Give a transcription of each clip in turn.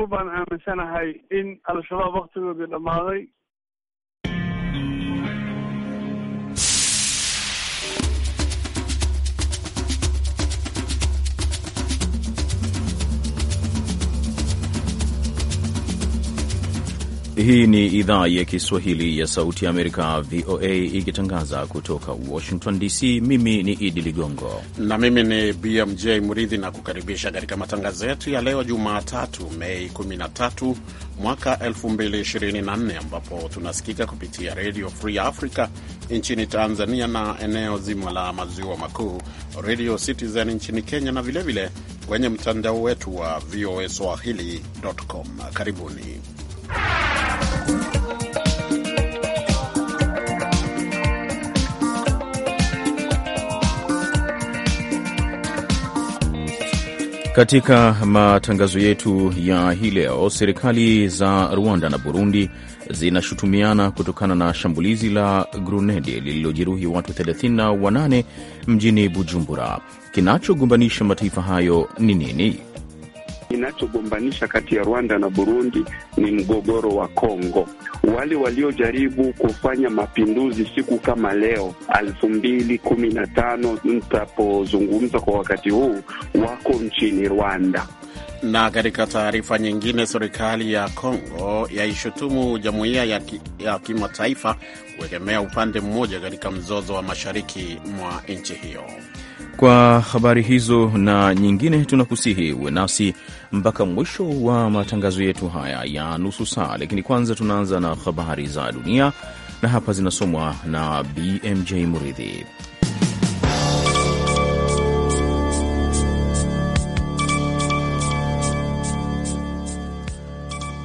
boqol baan aaminsanahay in al-shabaab waktigoodii dhammaaday Hii ni idhaa ya Kiswahili ya Sauti ya Amerika, VOA, ikitangaza kutoka Washington DC. Mimi ni Idi Ligongo na mimi ni BMJ Mridhi, na kukaribisha katika matangazo yetu ya leo Jumatatu, Mei 13 mwaka 2024, ambapo tunasikika kupitia Redio Free Africa nchini Tanzania na eneo zima la maziwa makuu, Redio Citizen nchini Kenya na vilevile kwenye mtandao wetu wa VOA swahili.com. Karibuni. Katika matangazo yetu ya hii leo, serikali za Rwanda na Burundi zinashutumiana kutokana na shambulizi la grunedi lililojeruhi watu 38 mjini Bujumbura. Kinachogombanisha mataifa hayo ni nini? Kinachogombanisha kati ya Rwanda na Burundi ni mgogoro wa Kongo. Wale waliojaribu kufanya mapinduzi siku kama leo elfu mbili kumi na tano mtapozungumza kwa wakati huu wako nchini Rwanda. Na katika taarifa nyingine, serikali ya Kongo yaishutumu jumuiya ya, ki, ya kimataifa kuegemea upande mmoja katika mzozo wa mashariki mwa nchi hiyo. Kwa habari hizo na nyingine, tunakusihi uwe nasi mpaka mwisho wa matangazo yetu haya ya nusu saa. Lakini kwanza tunaanza na habari za dunia, na hapa zinasomwa na BMJ Muridhi.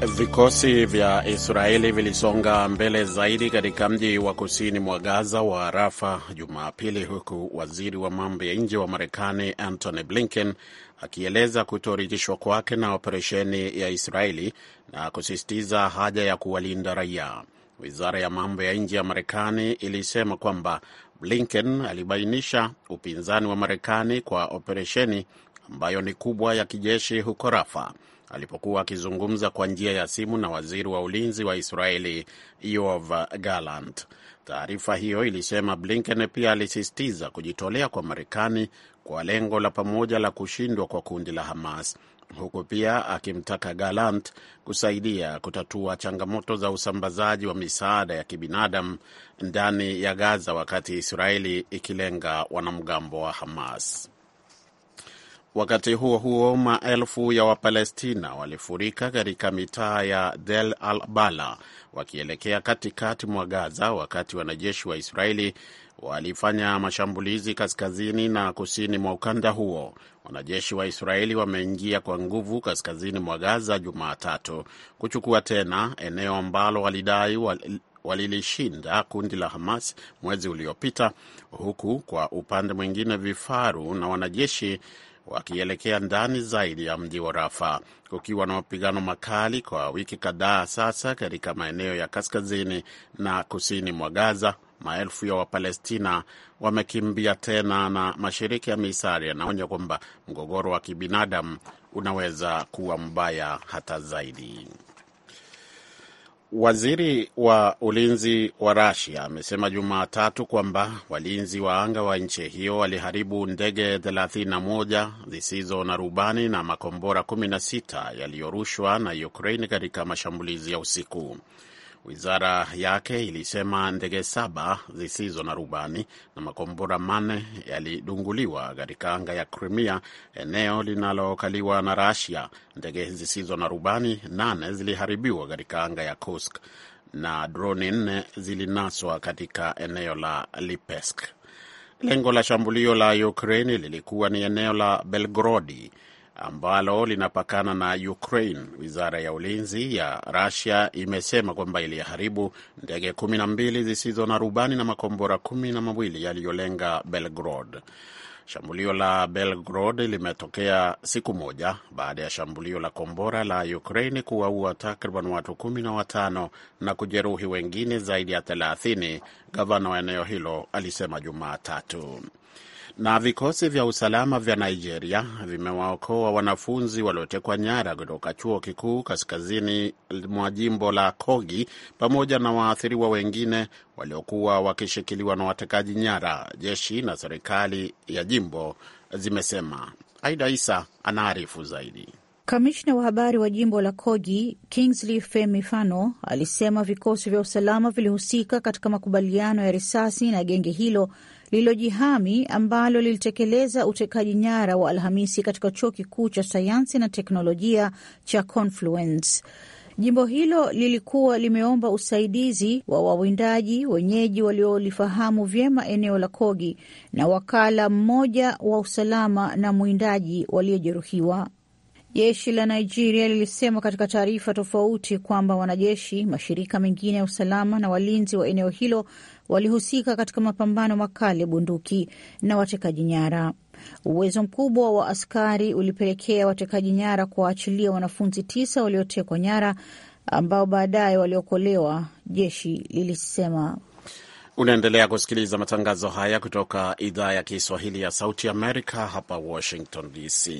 Vikosi vya Israeli vilisonga mbele zaidi katika mji wa kusini mwa Gaza wa Rafa Jumapili, huku waziri wa mambo ya nje wa Marekani Antony Blinken akieleza kutoridhishwa kwake na operesheni ya Israeli na kusisitiza haja ya kuwalinda raia. Wizara ya mambo ya nje ya Marekani ilisema kwamba Blinken alibainisha upinzani wa Marekani kwa operesheni ambayo ni kubwa ya kijeshi huko Rafa alipokuwa akizungumza kwa njia ya simu na waziri wa ulinzi wa Israeli Yoav Gallant. Taarifa hiyo ilisema Blinken pia alisisitiza kujitolea kwa Marekani kwa lengo la pamoja la kushindwa kwa kundi la Hamas, huku pia akimtaka Gallant kusaidia kutatua changamoto za usambazaji wa misaada ya kibinadamu ndani ya Gaza wakati Israeli ikilenga wanamgambo wa Hamas. Wakati huo huo, maelfu ya Wapalestina walifurika katika mitaa ya Del Al Bala wakielekea katikati mwa Gaza, wakati wanajeshi wa Israeli walifanya mashambulizi kaskazini na kusini mwa ukanda huo. Wanajeshi wa Israeli wameingia kwa nguvu kaskazini mwa Gaza Jumatatu kuchukua tena eneo ambalo walidai wal walilishinda kundi la Hamas mwezi uliopita, huku kwa upande mwingine vifaru na wanajeshi wakielekea ndani zaidi ya mji wa Rafa, kukiwa na mapigano makali kwa wiki kadhaa sasa katika maeneo ya kaskazini na kusini mwa Gaza. Maelfu ya Wapalestina wamekimbia tena na mashirika ya misaada yanaonya kwamba mgogoro wa kibinadamu unaweza kuwa mbaya hata zaidi. Waziri wa ulinzi wa Rasia amesema Jumatatu kwamba walinzi wa anga wa nchi hiyo waliharibu ndege 31 zisizo na rubani na makombora 16 yaliyorushwa na Ukraine katika mashambulizi ya usiku. Wizara yake ilisema ndege saba zisizo na rubani na makombora manne yalidunguliwa katika anga ya Crimea, eneo linalokaliwa na Rasia. Ndege zisizo na rubani nane ziliharibiwa katika anga ya Kursk na droni nne zilinaswa katika eneo la Lipesk. Lengo la shambulio la Ukraini lilikuwa ni eneo la Belgorodi ambalo linapakana na Ukraine. Wizara ya ulinzi ya rasia imesema kwamba iliharibu ndege kumi na mbili zisizo na rubani na makombora kumi na mawili yaliyolenga Belgrod. Shambulio la Belgrod limetokea siku moja baada ya shambulio la kombora la ukrain kuwaua takriban watu kumi na watano na kujeruhi wengine zaidi ya thelathini, gavana wa eneo hilo alisema Jumatatu. Na vikosi vya usalama vya Nigeria vimewaokoa wanafunzi waliotekwa nyara kutoka chuo kikuu kaskazini mwa jimbo la Kogi pamoja na waathiriwa wengine waliokuwa wakishikiliwa na watekaji nyara, jeshi na serikali ya jimbo zimesema. Aida Isa anaarifu zaidi. Kamishna wa habari wa jimbo la Kogi, Kingsley Femifano, alisema vikosi vya usalama vilihusika katika makubaliano ya risasi na genge hilo lililojihami ambalo lilitekeleza utekaji nyara wa Alhamisi katika chuo kikuu cha sayansi na teknolojia cha Confluence. Jimbo hilo lilikuwa limeomba usaidizi wa wawindaji wenyeji waliolifahamu vyema eneo la Kogi na wakala mmoja wa usalama na mwindaji waliojeruhiwa. Jeshi la Nigeria lilisema katika taarifa tofauti kwamba wanajeshi, mashirika mengine ya usalama na walinzi wa eneo hilo walihusika katika mapambano makali ya bunduki na watekaji nyara. Uwezo mkubwa wa askari ulipelekea watekaji nyara kuwaachilia wanafunzi tisa waliotekwa nyara ambao baadaye waliokolewa, jeshi lilisema. Unaendelea kusikiliza matangazo haya kutoka idhaa ya Kiswahili ya Sauti Amerika hapa Washington DC.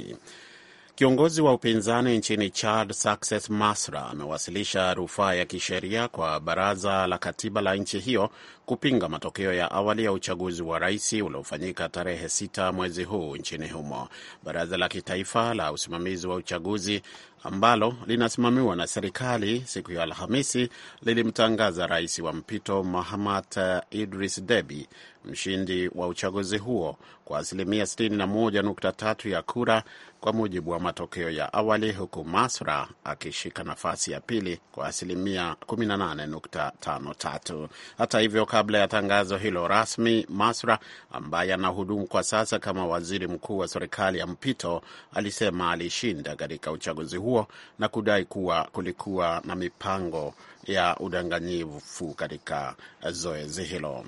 Kiongozi wa upinzani nchini Chad, Success Masra, amewasilisha rufaa ya kisheria kwa baraza la katiba la nchi hiyo kupinga matokeo ya awali ya uchaguzi wa rais uliofanyika tarehe sita mwezi huu nchini humo. Baraza la kitaifa la usimamizi wa uchaguzi ambalo linasimamiwa na serikali siku ya Alhamisi lilimtangaza rais wa mpito Mahamat eh, Idris debi mshindi wa uchaguzi huo kwa asilimia 61.3 ya kura kwa mujibu wa matokeo ya awali, huku Masra akishika nafasi ya pili kwa asilimia 18.53. Hata hivyo, kabla ya tangazo hilo rasmi, Masra ambaye anahudumu kwa sasa kama waziri mkuu wa serikali ya mpito alisema alishinda katika uchaguzi huo na kudai kuwa kulikuwa na mipango ya udanganyifu katika zoezi hilo.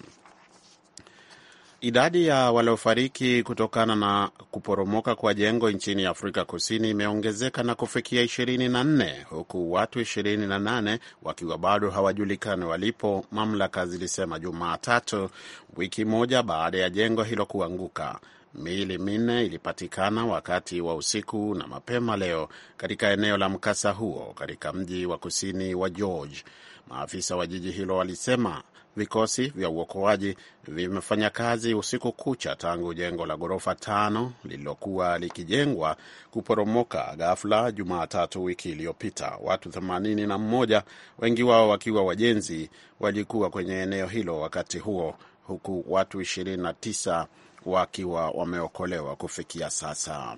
Idadi ya waliofariki kutokana na kuporomoka kwa jengo nchini Afrika Kusini imeongezeka na kufikia 24 huku watu 28 wakiwa bado hawajulikani walipo, mamlaka zilisema Jumatatu, wiki moja baada ya jengo hilo kuanguka. Miili minne ilipatikana wakati wa usiku na mapema leo katika eneo la mkasa huo katika mji wa kusini wa George. Maafisa wa jiji hilo walisema vikosi vya uokoaji vimefanya kazi usiku kucha tangu jengo la ghorofa tano lililokuwa likijengwa kuporomoka ghafla Jumatatu wiki iliyopita. Watu 81 wengi wao wakiwa wajenzi walikuwa kwenye eneo hilo wakati huo, huku watu 29 wakiwa wameokolewa kufikia sasa.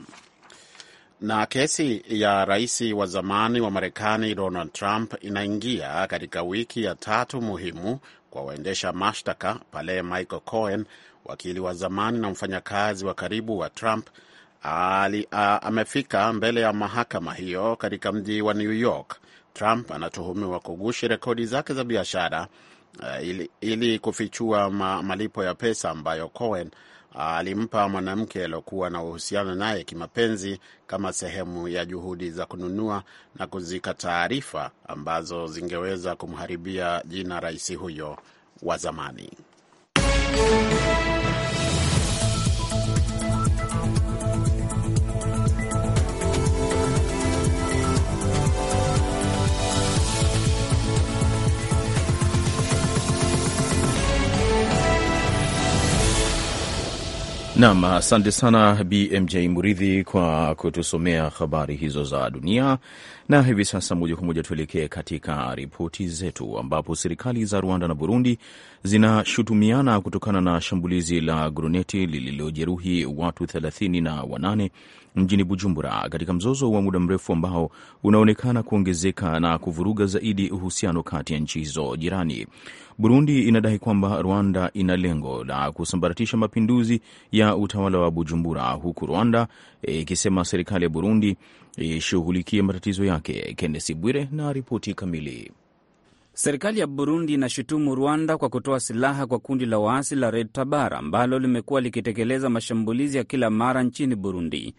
Na kesi ya rais wa zamani wa Marekani Donald Trump inaingia katika wiki ya tatu muhimu kwa waendesha mashtaka pale Michael Cohen, wakili wa zamani na mfanyakazi wa karibu wa Trump, ali, a, amefika mbele ya mahakama hiyo katika mji wa New York. Trump anatuhumiwa kugushi rekodi zake za biashara ili, ili kufichua ma, malipo ya pesa ambayo Cohen alimpa mwanamke aliokuwa na uhusiano naye kimapenzi kama sehemu ya juhudi za kununua na kuzika taarifa ambazo zingeweza kumharibia jina rais huyo wa zamani. Nam, asante sana BMJ Muridhi kwa kutusomea habari hizo za dunia. Na hivi sasa moja kwa moja tuelekee katika ripoti zetu, ambapo serikali za Rwanda na Burundi zinashutumiana kutokana na shambulizi la gruneti lililojeruhi watu thelathini na wanane mjini Bujumbura katika mzozo wa muda mrefu ambao unaonekana kuongezeka na kuvuruga zaidi uhusiano kati ya nchi hizo jirani. Burundi inadai kwamba Rwanda ina lengo la kusambaratisha mapinduzi ya utawala wa Bujumbura, huku Rwanda ikisema e, serikali ya Burundi ishughulikie e, matatizo yake. Kennesi Bwire na ripoti kamili. Serikali ya Burundi inashutumu Rwanda kwa kutoa silaha kwa kundi la waasi la Red Tabara ambalo limekuwa likitekeleza mashambulizi ya kila mara nchini Burundi.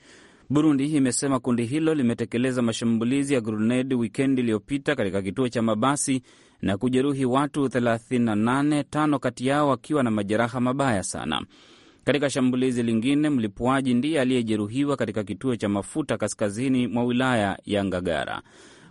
Burundi imesema kundi hilo limetekeleza mashambulizi ya grunedi wikendi iliyopita katika kituo cha mabasi na kujeruhi watu 38, tano kati yao wakiwa na majeraha mabaya sana. Katika shambulizi lingine, mlipuaji ndiye aliyejeruhiwa katika kituo cha mafuta kaskazini mwa wilaya ya Ngagara.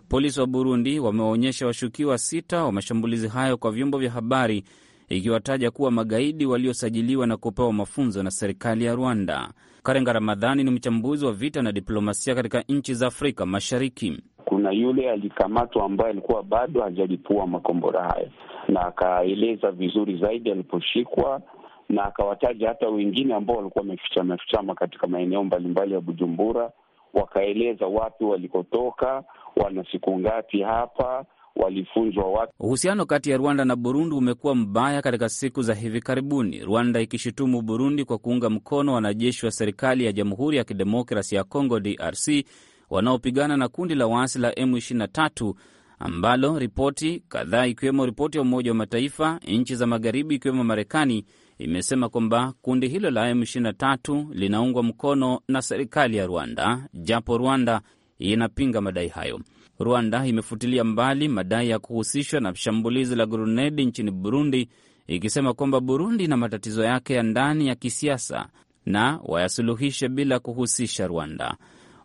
Polisi wa Burundi wamewaonyesha washukiwa sita wa mashambulizi hayo kwa vyombo vya habari ikiwataja kuwa magaidi waliosajiliwa na kupewa mafunzo na serikali ya Rwanda. Karenga Ramadhani ni mchambuzi wa vita na diplomasia katika nchi za Afrika Mashariki. Kuna yule alikamatwa ambaye alikuwa bado hajalipua makombora hayo, na akaeleza vizuri zaidi aliposhikwa, na akawataja hata wengine ambao walikuwa wamefichamafichama katika maeneo mbalimbali ya Bujumbura, wakaeleza watu walikotoka, wana siku ngapi hapa walifunzwa watu. Uhusiano kati ya Rwanda na Burundi umekuwa mbaya katika siku za hivi karibuni, Rwanda ikishutumu Burundi kwa kuunga mkono wanajeshi wa serikali ya Jamhuri ya kidemokrasi ya congo DRC wanaopigana na kundi la waasi la M23 ambalo ripoti kadhaa ikiwemo ripoti ya Umoja wa Mataifa, nchi za magharibi ikiwemo Marekani imesema kwamba kundi hilo la M23 linaungwa mkono na serikali ya Rwanda, japo Rwanda inapinga madai hayo. Rwanda imefutilia mbali madai ya kuhusishwa na shambulizi la gurunedi nchini Burundi, ikisema kwamba Burundi ina matatizo yake ya ndani ya kisiasa na wayasuluhishe bila kuhusisha Rwanda.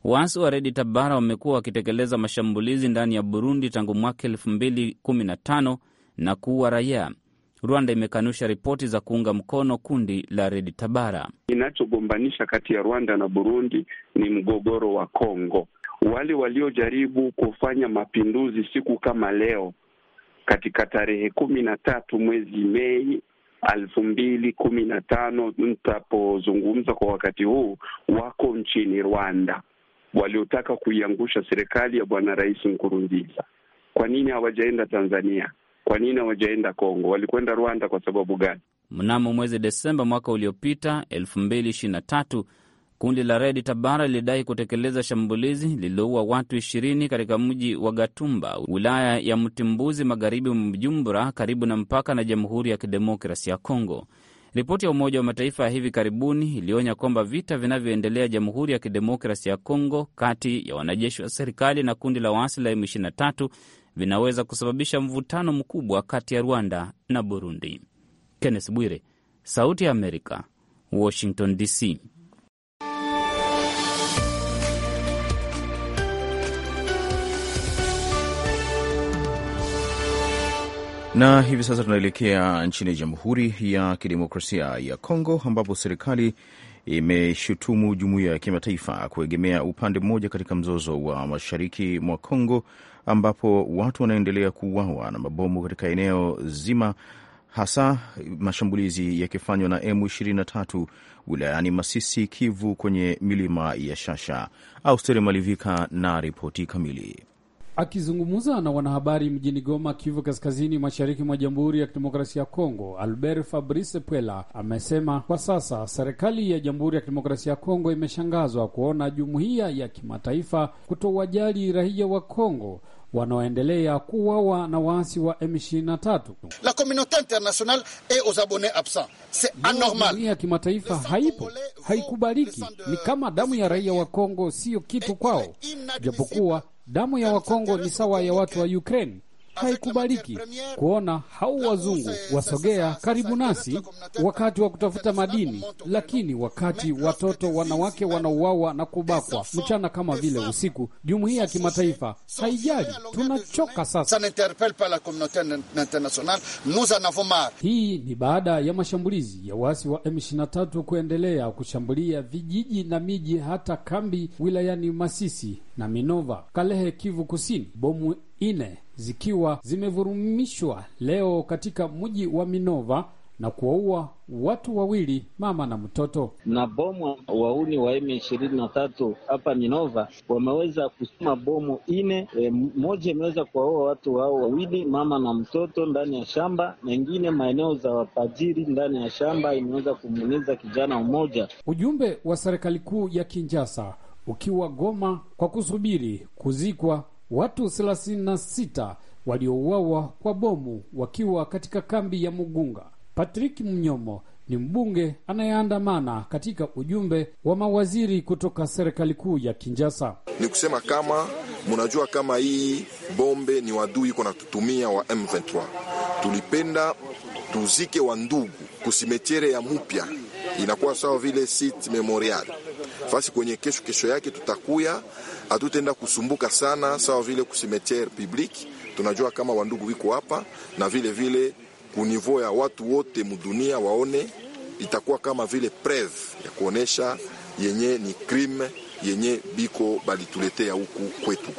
Waasi wa Redi Tabara wamekuwa wakitekeleza mashambulizi ndani ya Burundi tangu mwaka 2015 na kuua raia. Rwanda imekanusha ripoti za kuunga mkono kundi la Redi Tabara. Kinachogombanisha kati ya Rwanda na Burundi ni mgogoro wa Kongo wale waliojaribu kufanya mapinduzi siku kama leo katika tarehe kumi na tatu mwezi Mei elfu mbili kumi na tano ntapozungumza kwa wakati huu, wako nchini Rwanda waliotaka kuiangusha serikali ya bwana Rais Nkurunziza. Kwa nini hawajaenda Tanzania? Kwa nini hawajaenda Kongo? Walikwenda Rwanda kwa sababu gani? Mnamo mwezi Desemba mwaka uliopita elfu mbili ishirini na tatu Kundi la Red Tabara lilidai kutekeleza shambulizi lililoua watu ishirini katika mji wa Gatumba, wilaya ya Mtimbuzi, magharibi mwa Bujumbura, karibu na mpaka na Jamhuri ya Kidemokrasi ya Kongo. Ripoti ya Umoja wa Mataifa ya hivi karibuni ilionya kwamba vita vinavyoendelea Jamhuri ya Kidemokrasi ya Kongo kati ya wanajeshi wa serikali na kundi la waasi la M23 vinaweza kusababisha mvutano mkubwa kati ya Rwanda na Burundi. Kenneth Bwire, Sauti ya Amerika, Washington DC. Na hivi sasa tunaelekea nchini Jamhuri ya Kidemokrasia ya Kongo ambapo serikali imeshutumu jumuiya ya kimataifa kuegemea upande mmoja katika mzozo wa mashariki mwa Kongo ambapo watu wanaendelea kuuawa na mabomu katika eneo zima, hasa mashambulizi yakifanywa na M23 wilayani Masisi, Kivu, kwenye milima ya Shasha. Austeri Malivika na ripoti kamili. Akizungumza na wanahabari mjini Goma, Kivu Kaskazini, mashariki mwa Jamhuri ya Kidemokrasia ya Kongo, Albert Fabrice Pwela amesema kwa sasa serikali ya Jamhuri ya Kidemokrasia ya Kongo imeshangazwa kuona jumuiya ya kimataifa kutowajali raia wa Kongo wanaoendelea kuwawa na waasi wa M23. La communauté internationale est aux abonnés absents. C'est anormal. Jumuiya ya kimataifa haipo, haikubaliki. Ni kama damu ya raia wa Kongo, siyo kitu kwao, japokuwa Damu ya Wakongo ni sawa ya watu wa Ukraine haikubaliki kuona hao wazungu wasogea karibu nasi wakati wa kutafuta madini, lakini wakati watoto wanawake wanauawa na kubakwa mchana kama vile usiku, jumuiya ya kimataifa haijali. Tunachoka sasa. Hii ni baada ya mashambulizi ya waasi wa M23 kuendelea kushambulia vijiji na miji, hata kambi wilayani Masisi na Minova, Kalehe, Kivu Kusini. Bomu ine zikiwa zimevurumishwa leo katika mji wa Minova na kuwaua watu wawili, mama na mtoto. Na bomu wauni wa M23 hapa Minova wameweza kusoma bomu ine e, moja imeweza kuwaua watu hao wawili, mama na mtoto ndani ya shamba, na ingine maeneo za wapajiri ndani ya shamba imeweza kumuumiza kijana mmoja. Ujumbe wa serikali kuu ya Kinjasa ukiwa Goma kwa kusubiri kuzikwa watu 36 waliouawa kwa bomu wakiwa katika kambi ya Mugunga. Patrick Mnyomo ni mbunge anayeandamana katika ujumbe wa mawaziri kutoka serikali kuu ya Kinjasa. Ni kusema kama munajua kama hii bombe ni wadui iko tutumia wa M23, tulipenda tuzike wa ndugu kusimetiere ya mupya, inakuwa sawa vile site memorial fasi kwenye kesho kesho yake tutakuya, hatutaenda kusumbuka sana, sawa vile kusimetiere public. Tunajua kama wandugu wiko hapa na vile vile kunivo ya watu wote mudunia waone, itakuwa kama vile preve ya kuonesha yenye ni crime yenye biko balituletea huku kwetu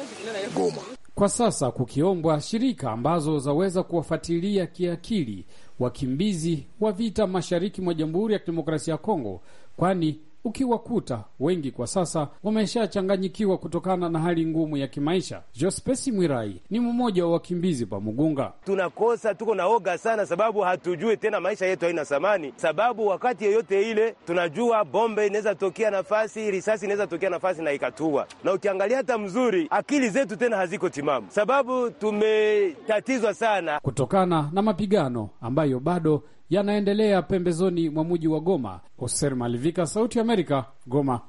Goma. Kwa sasa kukiombwa shirika ambazo zaweza kuwafuatilia kiakili wakimbizi wa vita mashariki mwa Jamhuri ya Kidemokrasia ya Kongo, kwani ukiwakuta wengi kwa sasa wameshachanganyikiwa kutokana na hali ngumu ya kimaisha. Jospesi Mwirai ni mmoja wa wakimbizi pa Mugunga. Tunakosa, tuko na oga sana, sababu hatujui tena maisha yetu haina thamani, sababu wakati yoyote ile tunajua bombe inaweza tokea nafasi, risasi inaweza tokea nafasi na ikatua. Na ukiangalia hata mzuri, akili zetu tena haziko timamu, sababu tumetatizwa sana kutokana na mapigano ambayo bado yanaendelea pembezoni mwa mji wa Goma. Hoser Malivika, Sauti Amerika, Goma.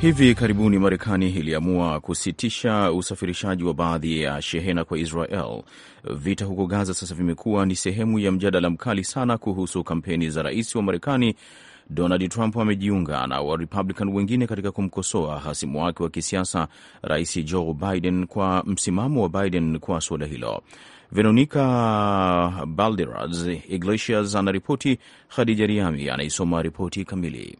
Hivi karibuni Marekani iliamua kusitisha usafirishaji wa baadhi ya shehena kwa Israel. Vita huko Gaza sasa vimekuwa ni sehemu ya mjadala mkali sana kuhusu kampeni za rais wa Marekani Donald Trump amejiunga na Warepublican wengine katika kumkosoa hasimu wake wa kisiasa Rais Joe Biden kwa msimamo wa Biden kwa suala hilo. Veronica Balderas Iglesias anaripoti. Khadija Riami anaisoma ripoti kamili.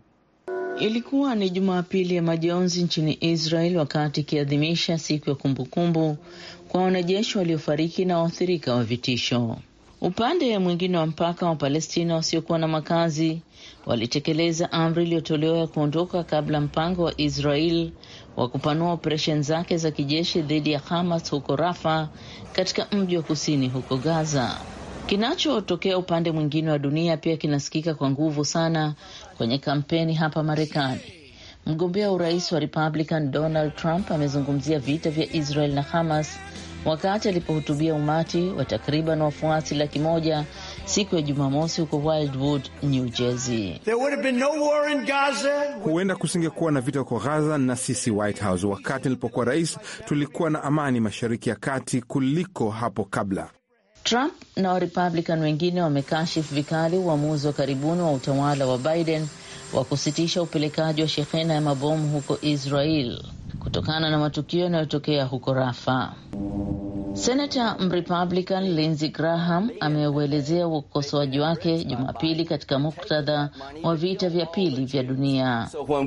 Ilikuwa ni Jumapili ya majonzi nchini Israel wakati ikiadhimisha siku ya kumbukumbu kwa wanajeshi waliofariki na waathirika wa vitisho. Upande mwingine wa mpaka wa Palestina wasiokuwa na makazi walitekeleza amri iliyotolewa ya kuondoka kabla mpango wa Israel wa kupanua operesheni zake za kijeshi dhidi ya Hamas huko Rafa katika mji wa kusini huko Gaza. Kinachotokea upande mwingine wa dunia pia kinasikika kwa nguvu sana kwenye kampeni hapa Marekani. Mgombea wa urais wa Republican Donald Trump amezungumzia vita vya Israel na Hamas wakati alipohutubia umati wa takriban wafuasi laki moja siku ya Jumamosi huko Wildwood, New Jersey. Huenda kusingekuwa na vita huko Gaza na sisi White House. Wakati nilipokuwa rais, tulikuwa na amani Mashariki ya Kati kuliko hapo kabla. Trump na Warepublican wengine wamekashifu vikali uamuzi wa karibuni wa utawala wa Biden wa kusitisha upelekaji wa shehena ya mabomu huko Israel kutokana na matukio yanayotokea huko Rafa. Senata Mrepublican Lindsey Graham ameuelezea ukosoaji wake Jumapili katika muktadha wa vita vya pili vya dunia. So we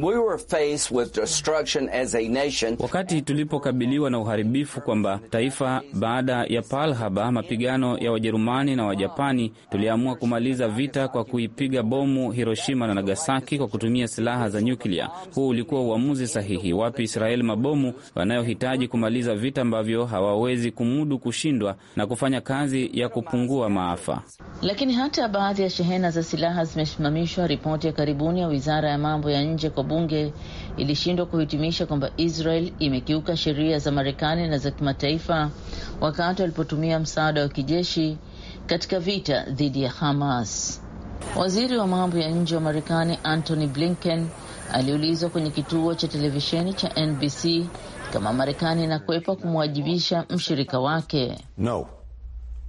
nation... wakati tulipokabiliwa na uharibifu kwamba taifa baada ya Pearl Harbor, mapigano ya Wajerumani na Wajapani, tuliamua kumaliza vita kwa kuipiga bomu Hiroshima na Nagasaki kwa kutumia silaha za nyuklia. Huu ulikuwa uamuzi sahihi. Wapi Israeli mabomu wanayohitaji kumaliza vita ambavyo hawawezi kumudu kushindwa na kufanya kazi ya kupungua maafa. Lakini hata baadhi ya shehena za silaha zimesimamishwa. Ripoti ya karibuni ya wizara ya mambo ya nje kwa bunge ilishindwa kuhitimisha kwamba Israel imekiuka sheria za Marekani na za kimataifa wakati walipotumia msaada wa kijeshi katika vita dhidi ya Hamas. Waziri wa mambo ya nje wa Marekani Antony Blinken aliulizwa kwenye kituo cha televisheni cha NBC kama Marekani inakwepa kumwajibisha mshirika wake. No.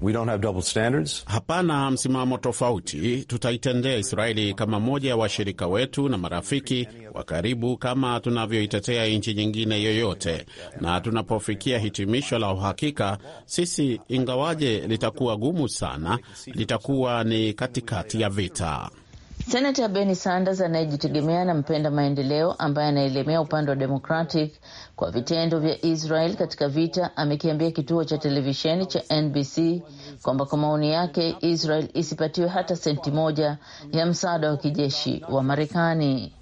We don't have double standards. Hapana msimamo tofauti. Tutaitendea Israeli kama moja ya wa washirika wetu na marafiki wa karibu kama tunavyoitetea nchi nyingine yoyote, na tunapofikia hitimisho la uhakika sisi, ingawaje litakuwa gumu sana, litakuwa ni katikati ya vita. Senata Bernie Sanders anayejitegemea na mpenda maendeleo ambaye anaelemea upande wa Democratic kwa vitendo vya Israel katika vita amekiambia kituo cha televisheni cha NBC kwamba kwa maoni yake Israel isipatiwe hata senti moja ya msaada wa kijeshi wa Marekani.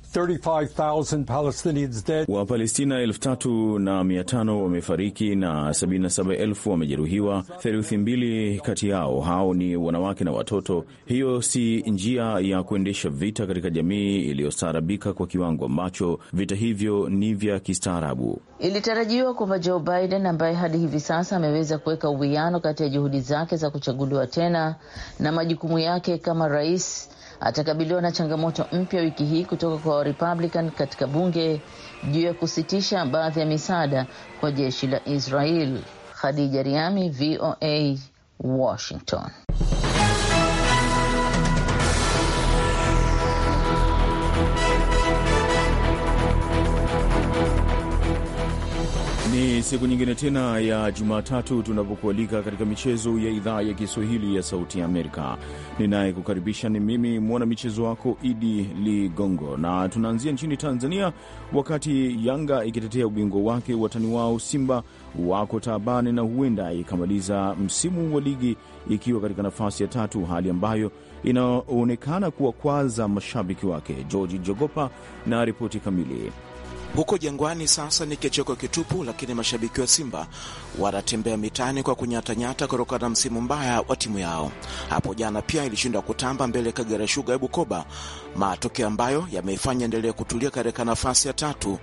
Wapalestina elfu tatu na mia tano wamefariki na 77 wamejeruhiwa, theluthi mbili kati yao hao ni wanawake na watoto. Hiyo si njia ya kuendesha vita katika jamii iliyostaarabika kwa kiwango ambacho vita hivyo ni vya kistaarabu. Ilitarajiwa kwamba Joe Biden ambaye hadi hivi sasa ameweza kuweka uwiano kati ya juhudi zake za kuchaguliwa tena na majukumu yake kama rais atakabiliwa na changamoto mpya wiki hii kutoka kwa Republican katika bunge juu ya kusitisha baadhi ya misaada kwa jeshi la Israel. Khadija Riami, VOA, Washington. Ni siku nyingine tena ya Jumatatu tunapokualika katika michezo ya idhaa ya Kiswahili ya Sauti ya Amerika. Ninayekukaribisha ni mimi mwana michezo wako Idi Ligongo, na tunaanzia nchini Tanzania, wakati Yanga ikitetea ubingwa wake, watani wao Simba wako taabani na huenda ikamaliza msimu wa ligi ikiwa katika nafasi ya tatu, hali ambayo inaonekana kuwakwaza mashabiki wake. Georgi Jogopa na ripoti kamili. Huko Jangwani sasa ni kicheko kitupu, lakini mashabiki wa Simba wanatembea mitaani kwa kunyatanyata kutokana na msimu mbaya wa timu yao. Hapo jana pia ilishindwa kutamba mbele ya Kagera shuga ya Bukoba, matokeo ambayo yameifanya endelea kutulia katika nafasi ya tatu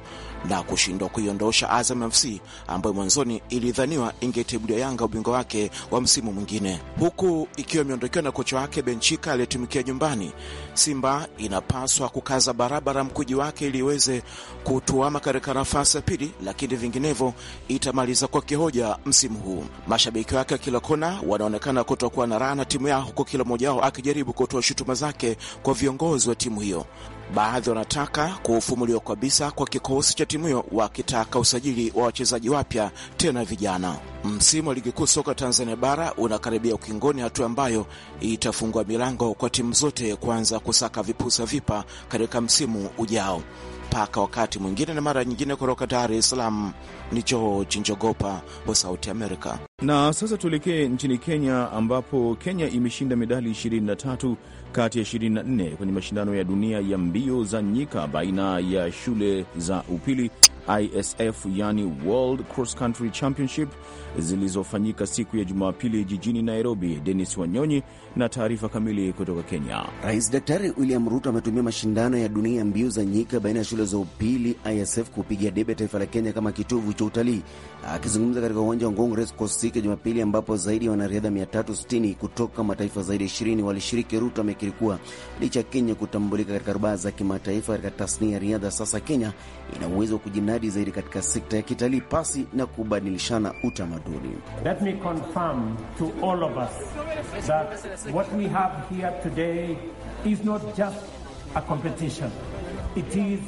na kushindwa kuiondosha Azam FC ambayo mwanzoni ilidhaniwa ingetebulia Yanga ubingwa wake wa msimu mwingine, huku ikiwa imeondokewa na kocha wake Benchika aliyetumikia nyumbani. Simba inapaswa kukaza barabara mkuji wake ili iweze kutuama katika nafasi ya pili, lakini vinginevyo itamaliza kwa kihoja kuja msimu huu. Mashabiki wake kila kona wanaonekana kutokuwa na raha na timu yao, huku kila mmoja wao akijaribu kutoa shutuma zake kwa viongozi wa timu hiyo. Baadhi wanataka kuufumuliwa kabisa kwa kikosi cha timu hiyo, wakitaka usajili wa wachezaji wapya tena vijana. Msimu wa ligi kuu soka Tanzania bara unakaribia ukingoni, hatua ambayo itafungua milango kwa timu zote kuanza kusaka vipusa vipa katika msimu ujao mpaka wakati mwingine na mara nyingine. Kutoka Dar es Salaam ni George Njogopa wa Sauti Amerika. Na sasa tuelekee nchini Kenya ambapo Kenya imeshinda medali 23 kati ya 24 kwenye mashindano ya dunia ya mbio za nyika baina ya shule za upili ISF yani World Cross Country Championship zilizofanyika siku ya Jumapili jijini Nairobi. Denis Wanyonyi na taarifa kamili kutoka Kenya. Rais Daktari William Ruto ametumia mashindano ya dunia ya mbio za nyika baina ya shule za upili ISF kupigia debe taifa la Kenya kama kitovu cha utalii. Akizungumza katika uwanja wa Ngong Race Course siku ya Jumapili ambapo zaidi ya wanariadha 360 kutoka mataifa zaidi ya 20 walishiriki, Ruto kufikiri kuwa licha ya Kenya kutambulika katika rubaa za kimataifa katika tasnia ya riadha, sasa Kenya ina uwezo wa kujinadi zaidi katika sekta ya kitalii pasi na kubadilishana utamaduni. Let me confirm to all of us that what we have here today is not just a competition. It is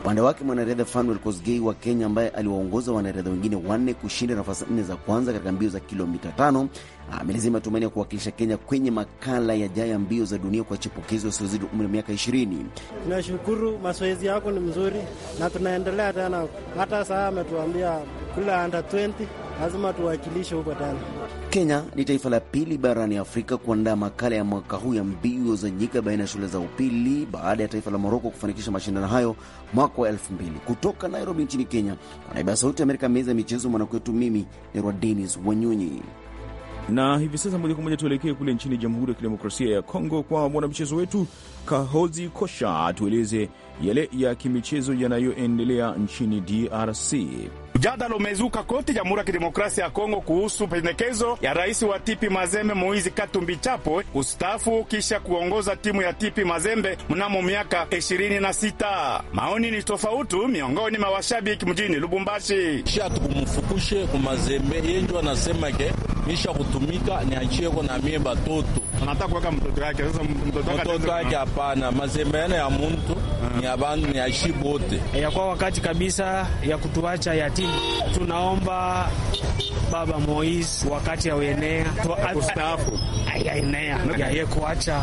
Upande wake mwanariadha Fanuel Kosgei wa Kenya, ambaye aliwaongoza wanariadha wengine wanne kushinda nafasi nne za kwanza katika mbio za kilomita tano, amelizia matumaini ya kuwakilisha Kenya kwenye makala ya ya mbio za dunia kwa chipukizi wasiozidi umri wa miaka ishirini. Tunashukuru, mazoezi yako ni mzuri na tunaendelea tena. Hata saa ametuambia kula under 20 lazima tuwakilishe huko tena. Kenya ni taifa la pili barani Afrika kuandaa makala ya mwaka huu ya mbio za nyika baina ya shule za upili baada ya taifa la Moroko kufanikisha mashindano hayo mwaka wa elfu mbili. Kutoka Nairobi nchini Kenya, kwa niaba ya Sauti ya Amerika, meza ya michezo mwanakwetu, mimi ni denis Wanyonyi na hivi sasa moja kwa moja tuelekee kule nchini Jamhuri ya Kidemokrasia ya Kongo kwa mwanamchezo wetu Kahozi Kosha, atueleze yale ya kimichezo yanayoendelea nchini DRC. Mjadala umezuka kote Jamhuri ya Kidemokrasia ya Kongo kuhusu pendekezo ya rais wa Tipi Mazembe Moizi Katumbi Chapo kustafu kisha kuongoza timu ya Tipi Mazembe mnamo miaka ishirini na sita. Maoni ni tofauti miongoni mwa washabiki mjini Lubumbashi. Kisha tukumfukishe kumazembe yenjwa anasema ke misha kutumika niachieko na mie batoto anataka kuweka mtoto yake sasa, mtoto yake hapana, mazembe yana ya muntu ni abantu ni bote ya kwa wakati kabisa ya kutuacha yatima. Tunaomba Baba Moise wakati auenea kustaafu ya ye kuacha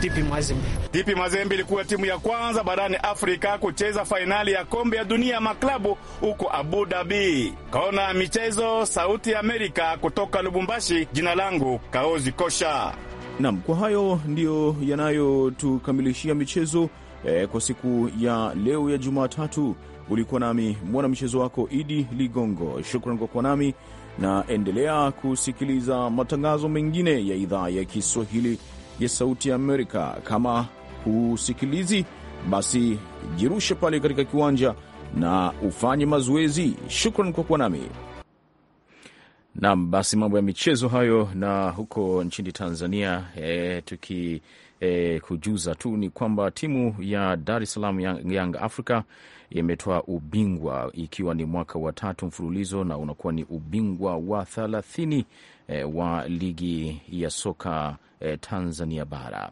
Tipi Mazembe. Tipi Mazembe ilikuwa timu ya kwanza barani Afrika kucheza fainali ya kombe ya dunia maklabu huko Abu Dhabi. kaona michezo, Sauti ya Amerika kutoka Lubumbashi. Jina langu Kaozi Kosha. Nam, kwa hayo ndiyo yanayotukamilishia michezo e, kwa siku ya leo ya Jumatatu. Ulikuwa nami mwanamchezo wako Idi Ligongo. Shukran kwa kuwa nami na endelea kusikiliza matangazo mengine ya idhaa ya Kiswahili ya Sauti ya Amerika. Kama husikilizi, basi jirushe pale katika kiwanja na ufanye mazoezi. Shukran kwa kuwa nami. Naam, basi mambo ya michezo hayo. Na huko nchini Tanzania e, tuki e, kujuza tu ni kwamba timu ya Dar es Salaam Young, Young Africa imetoa ubingwa ikiwa ni mwaka wa tatu mfululizo na unakuwa ni ubingwa wa thelathini e, wa ligi ya soka e, Tanzania bara.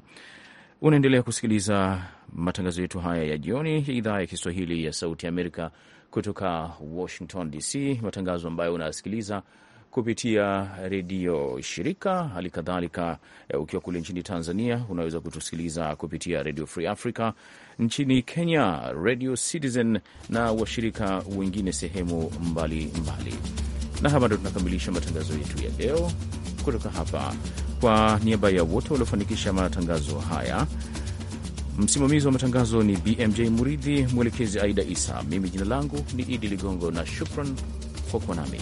Unaendelea kusikiliza matangazo yetu haya ya jioni, ya idhaa ya Kiswahili ya Sauti ya Amerika kutoka Washington DC, matangazo ambayo unasikiliza kupitia redio shirika. Hali kadhalika eh, ukiwa kule nchini Tanzania unaweza kutusikiliza kupitia Redio Free Africa, nchini Kenya Redio Citizen na washirika wengine sehemu mbalimbali mbali. Na hapa ndo tunakamilisha matangazo yetu ya leo kutoka hapa. Kwa niaba ya wote waliofanikisha matangazo haya Msimamizi wa matangazo ni BMJ Muridhi, mwelekezi Aida Isa. Mimi jina langu ni Idi Ligongo na shukran kwa kuwa nami.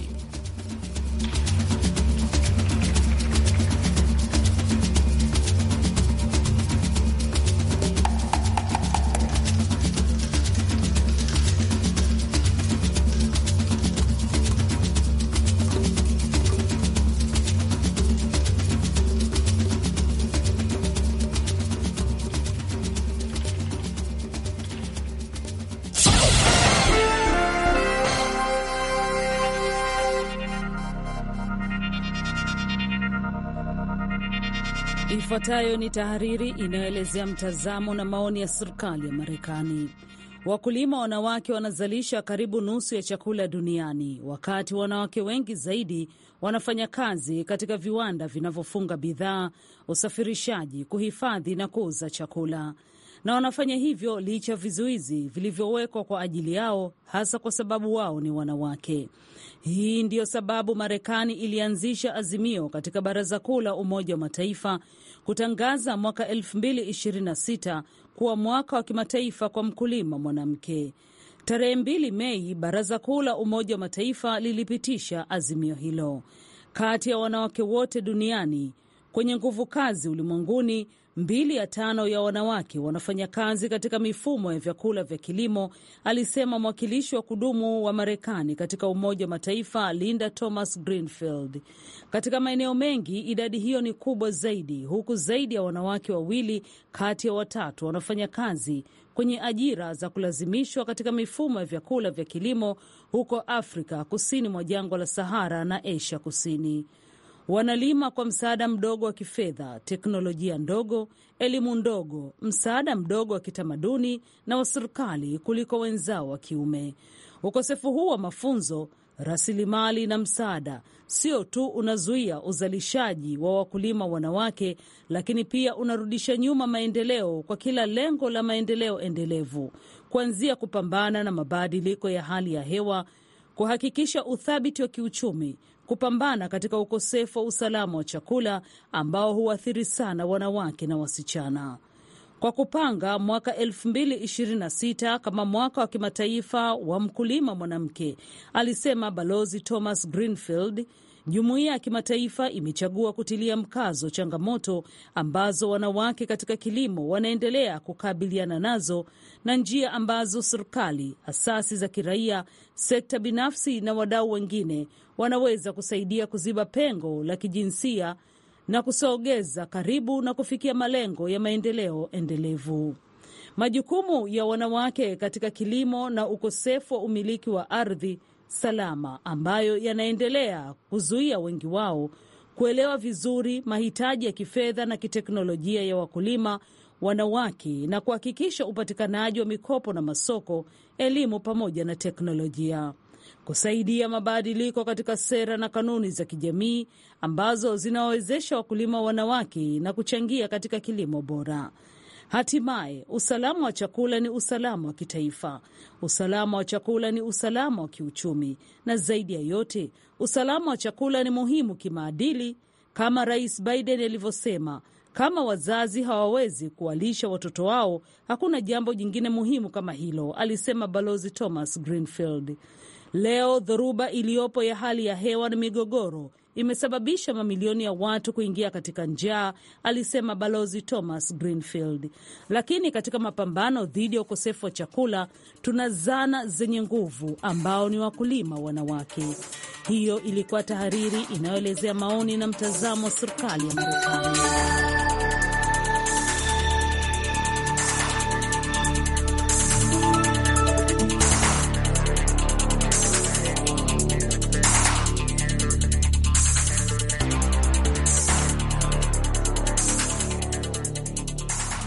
Ifuatayo ni tahariri inayoelezea mtazamo na maoni ya serikali ya Marekani. Wakulima wanawake wanazalisha karibu nusu ya chakula duniani, wakati wanawake wengi zaidi wanafanya kazi katika viwanda vinavyofunga bidhaa, usafirishaji, kuhifadhi na kuuza chakula, na wanafanya hivyo licha ya vizuizi vilivyowekwa kwa ajili yao, hasa kwa sababu wao ni wanawake. Hii ndiyo sababu Marekani ilianzisha azimio katika Baraza Kuu la Umoja wa Mataifa kutangaza mwaka 2026 kuwa mwaka wa kimataifa kwa mkulima mwanamke. Tarehe 2 Mei, baraza kuu la Umoja wa Mataifa lilipitisha azimio hilo. Kati ya wanawake wote duniani kwenye nguvu kazi ulimwenguni, mbili ya tano ya wanawake wanafanya kazi katika mifumo ya vyakula vya kilimo, alisema mwakilishi wa kudumu wa Marekani katika Umoja wa Mataifa Linda Thomas Greenfield. Katika maeneo mengi idadi hiyo ni kubwa zaidi, huku zaidi ya wanawake wawili kati ya watatu wanafanya kazi kwenye ajira za kulazimishwa katika mifumo ya vyakula vya kilimo huko Afrika kusini mwa jangwa la Sahara na Asia Kusini wanalima kwa msaada mdogo wa kifedha, teknolojia ndogo, elimu ndogo, msaada mdogo wa kitamaduni na wa serikali kuliko wenzao wa kiume. Ukosefu huu wa mafunzo, rasilimali na msaada sio tu unazuia uzalishaji wa wakulima wanawake, lakini pia unarudisha nyuma maendeleo kwa kila lengo la maendeleo endelevu, kuanzia kupambana na mabadiliko ya hali ya hewa, kuhakikisha uthabiti wa kiuchumi, kupambana katika ukosefu wa usalama wa chakula ambao huathiri sana wanawake na wasichana kwa kupanga mwaka 2026 kama mwaka wa kimataifa wa mkulima mwanamke, alisema Balozi Thomas Greenfield. Jumuiya ya kimataifa imechagua kutilia mkazo changamoto ambazo wanawake katika kilimo wanaendelea kukabiliana nazo na njia ambazo serikali, asasi za kiraia, sekta binafsi na wadau wengine wanaweza kusaidia kuziba pengo la kijinsia na kusogeza karibu na kufikia malengo ya maendeleo endelevu. Majukumu ya wanawake katika kilimo na ukosefu wa umiliki wa ardhi salama ambayo yanaendelea kuzuia wengi wao kuelewa vizuri mahitaji ya kifedha na kiteknolojia ya wakulima wanawake na kuhakikisha upatikanaji wa mikopo na masoko, elimu pamoja na teknolojia kusaidia mabadiliko katika sera na kanuni za kijamii ambazo zinawawezesha wakulima wanawake na kuchangia katika kilimo bora. Hatimaye, usalama wa chakula ni usalama wa kitaifa. Usalama wa chakula ni usalama wa kiuchumi, na zaidi ya yote, usalama wa chakula ni muhimu kimaadili. Kama Rais Biden alivyosema, kama wazazi hawawezi kuwalisha watoto wao, hakuna jambo jingine muhimu kama hilo, alisema Balozi Thomas Greenfield. Leo dhoruba iliyopo ya hali ya hewa na migogoro imesababisha mamilioni ya watu kuingia katika njaa, alisema Balozi Thomas Greenfield. Lakini katika mapambano dhidi ya ukosefu wa chakula, tuna zana zenye nguvu ambao ni wakulima wanawake. Hiyo ilikuwa tahariri inayoelezea maoni na mtazamo wa serikali ya Marekani.